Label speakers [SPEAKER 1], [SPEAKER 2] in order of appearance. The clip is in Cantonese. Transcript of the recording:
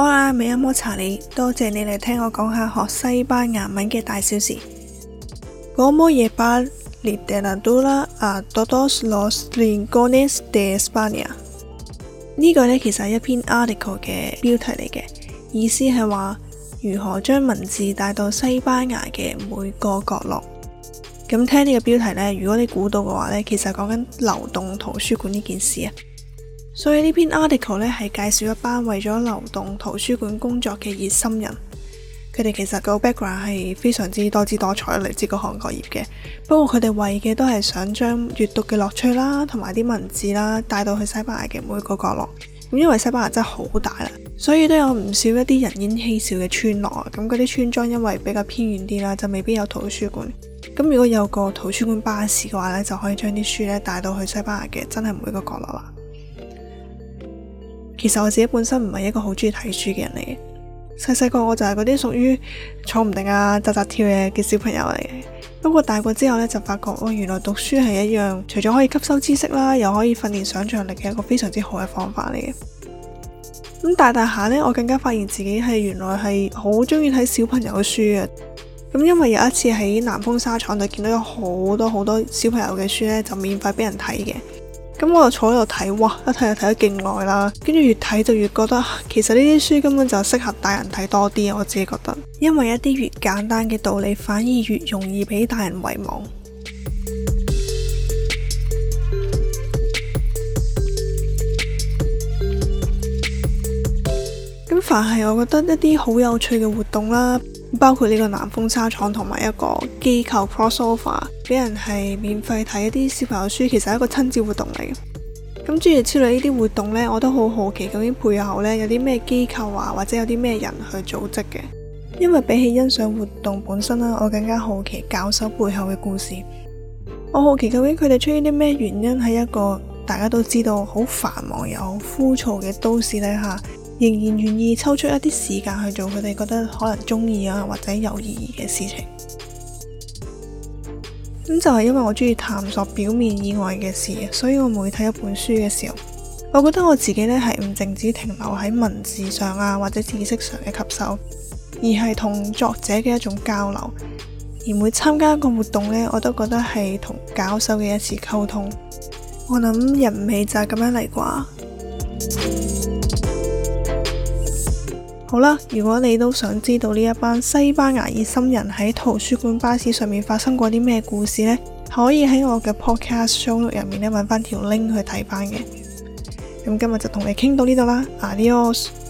[SPEAKER 1] Hola, 多謝你嚟聽我講下學西班牙文嘅大小事。Cómo llevar la literatura a todos los rincones de España 呢個呢，其實係一篇 article 嘅標題嚟嘅，意思係話如何將文字帶到西班牙嘅每個角落。咁聽呢個標題呢，如果你估到嘅話呢，其實講緊流動圖書館呢件事啊！所以呢篇 article 咧，係介紹一班為咗流動圖書館工作嘅熱心人，佢哋其實個 background 係非常之多姿多彩，嚟自各行業嘅。不過佢哋為嘅都係想將閱讀嘅樂趣啦，同埋啲文字啦，帶到去西班牙嘅每個角落。咁因為西班牙真係好大啦，所以都有唔少一啲人煙稀少嘅村落啊。咁嗰啲村莊因為比較偏遠啲啦，就未必有圖書館。咁如果有個圖書館巴士嘅話咧，就可以將啲書咧帶到去西班牙嘅真係每個角落啦。其實我自己本身唔係一個好中意睇書嘅人嚟嘅，細細個我就係嗰啲屬於坐唔定啊、扎扎跳嘅嘅小朋友嚟嘅。不過大個之後呢，就發覺，我、哦、原來讀書係一樣，除咗可以吸收知識啦，又可以訓練想象力嘅一個非常之好嘅方法嚟嘅。咁大大下呢，我更加發現自己係原來係好中意睇小朋友嘅書嘅。咁因為有一次喺南風沙廠就見到有好多好多小朋友嘅書呢，就免費俾人睇嘅。咁我就坐喺度睇，哇！一睇就睇得勁耐啦，跟住越睇就越覺得，其實呢啲書根本就適合大人睇多啲，我自己覺得，因為一啲越簡單嘅道理，反而越容易俾大人遺忘。咁， 凡係我覺得一啲好有趣嘅活動啦，包括呢個南風紗廠同埋一個機構 crossover。俾人係免費睇一啲小朋友書，其實係一個親子活動嚟嘅。咁諸如此類呢啲活動呢，我都好好奇究竟背後呢有啲咩機構啊，或者有啲咩人去組織嘅。因為比起欣賞活動本身啦，我更加好奇教授背後嘅故事。我好奇究竟佢哋出於啲咩原因，喺一個大家都知道好繁忙又好枯燥嘅都市底下，仍然願意抽出一啲時間去做佢哋覺得可能中意啊，或者有意義嘅事情。咁就係因為我中意探索表面以外嘅事，所以我每睇一本書嘅時候，我覺得我自己呢係唔淨止停留喺文字上啊或者知識上嘅吸收，而係同作者嘅一種交流。而每參加一個活動呢，我都覺得係同教授嘅一次溝通。我諗人味就係咁樣嚟啩。好啦，如果你都想知道呢一班西班牙熱心人喺圖書館巴士上面發生過啲咩故事呢，可以喺我嘅 podcast show 入面咧揾翻條 link 去睇翻嘅。咁、嗯、今日就同你傾到呢度啦，adios。